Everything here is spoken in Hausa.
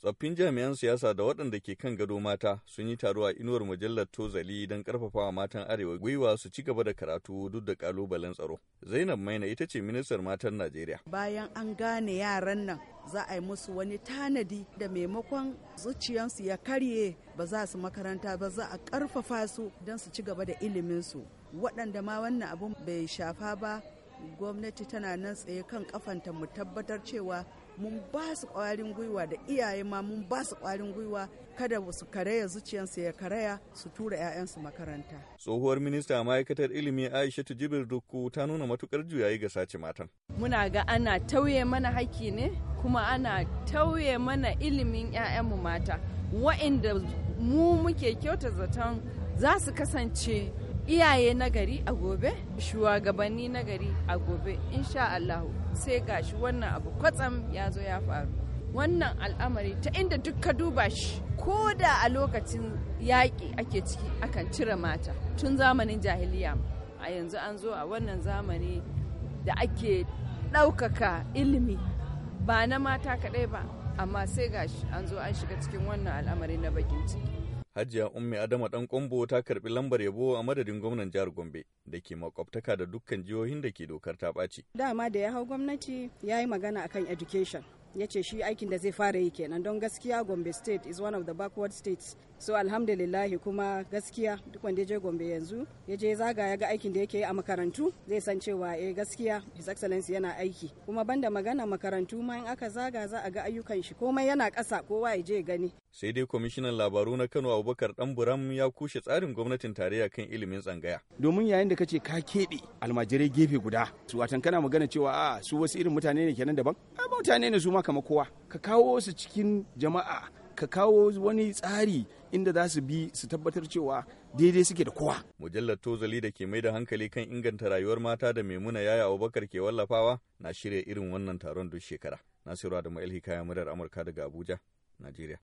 tsoffin jami'an siyasa da waɗanda ke kan gado mata sun yi taro a inuwar mujallar tozali don karfafawa matan arewa gwiwa su ci gaba da karatu duk da kalubalen tsaro zainab maina ita ce ministar matan najeriya bayan an gane yaran nan za a yi musu wani tanadi da maimakon zuciyarsu ya karye ba za su makaranta ba za a karfafa su don su ci gaba da iliminsu waɗanda ma wannan abun bai shafa ba gwamnati tana nan tsaye kan kafanta mu tabbatar cewa mun ba su kwarin gwiwa da iyaye ma mun ba su kwarin gwiwa kada su karaya zuciyarsu ya karaya su tura 'ya'yansu makaranta. Tsohuwar minista ma'aikatar ilimi Aisha jibir Dukku ta nuna matukar juyayi ga sace matan. Muna ga ana tauye mana haƙƙi ne kuma ana tauye mana ilimin 'ya'yanmu mata wa'inda mu muke kyauta zaton za su kasance iyaye nagari a gobe shugabanni nagari a gobe insha Allahu sai gashi wannan abu kwatsam ya zo ya faru wannan al'amari ta inda duk duba shi ko da a lokacin yaƙi ake ciki akan cire mata tun zamanin jahiliya a yanzu an zo a wannan zamani da ake ɗaukaka ilimi ba na mata kaɗai ba amma sai gashi an zo an shiga cikin wannan al'amari na bakin ciki Hajiya Ummi Adama Dan Kombo ta karbi lambar yabo a madadin gwamnan jihar Gombe da ke makwabtaka da dukkan jihohin da ke dokar ta ɓaci. Dama da ya hau gwamnati ya yi magana akan education. ya ce shi aikin da zai fara yi kenan don gaskiya gombe state is one of the backward states so alhamdulillahi kuma gaskiya duk wanda je gombe yanzu ya je zaga ya ga aikin da yake yi a makarantu zai san cewa eh gaskiya his excellency yana aiki kuma banda magana makarantu ma in aka zaga za a ga ayyukan shi komai yana kasa kowa ya je gani sai dai kwamishinan labaru na kano abubakar dan buram ya kushe tsarin gwamnatin tarayya kan ilimin tsangaya domin yayin da kace ka keɓe almajirai gefe guda su watan kana magana cewa a su wasu irin mutane ne kenan daban mutane ne su zama kama kowa ka kawo su cikin jama'a ka kawo wani tsari inda za su bi su tabbatar cewa daidai suke da kowa. Mujallar Tozali da ke mai da hankali kan inganta rayuwar mata da Maimuna Yaya Abubakar ke wallafawa na shirya irin wannan taron duk shekara. Nasiru Adamu Elhi Kaya murar Amurka daga Abuja, Najeriya.